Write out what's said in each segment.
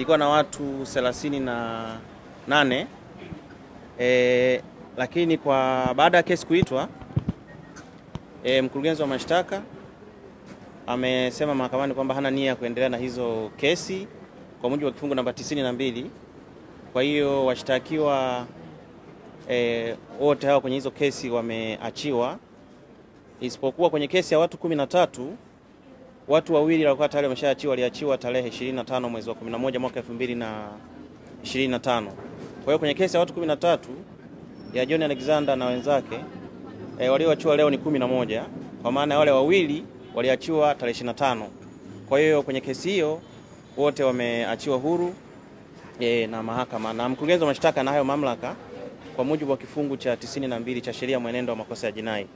ilikuwa na watu thelathini na nane e, lakini kwa baada ya kesi kuitwa e, mkurugenzi wa mashtaka amesema mahakamani kwamba hana nia ya kuendelea na hizo kesi kwa mujibu wa kifungu namba mbili. Kwa hiyo washtakiwa e, wote hawa kwenye hizo kesi wameachiwa isipokuwa kwenye kesi ya watu kumi na tatu Watu wawili walikuwa tayari wameshaachiwa, waliachiwa tarehe 25 mwezi wa 11 mwaka 2025. Kwa hiyo kwenye kesi ya watu 13 ya John Alexander na wenzake e, walioachiwa leo ni 11, kwa maana wale wawili waliachiwa tarehe 25. Kwa hiyo kwenye kesi hiyo wote wameachiwa huru e, na mahakama na mkurugenzi wa mashtaka na hayo mamlaka kwa mujibu wa kifungu cha 92 cha sheria mwenendo wa makosa ya jinai.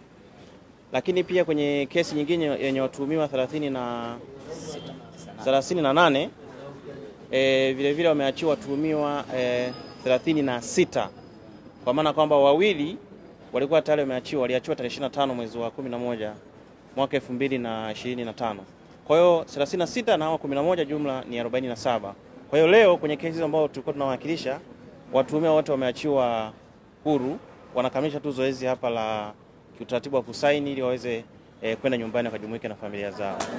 Lakini pia kwenye kesi nyingine yenye watuhumiwa 30 na 38 e, vilevile wameachiwa watuhumiwa e, 36 kwa maana kwamba wawili walikuwa tayari wameachiwa, waliachiwa tarehe 25 mwezi wa 11 mwaka 2025. Kwa hiyo 36 na hao 11 jumla ni 47. Kwa hiyo leo kwenye kesi ambazo tulikuwa tunawakilisha watuhumiwa wote wameachiwa huru, wanakamilisha tu zoezi hapa la kiutaratibu wa kusaini ili waweze eh, kwenda nyumbani wakajumuike na familia zao.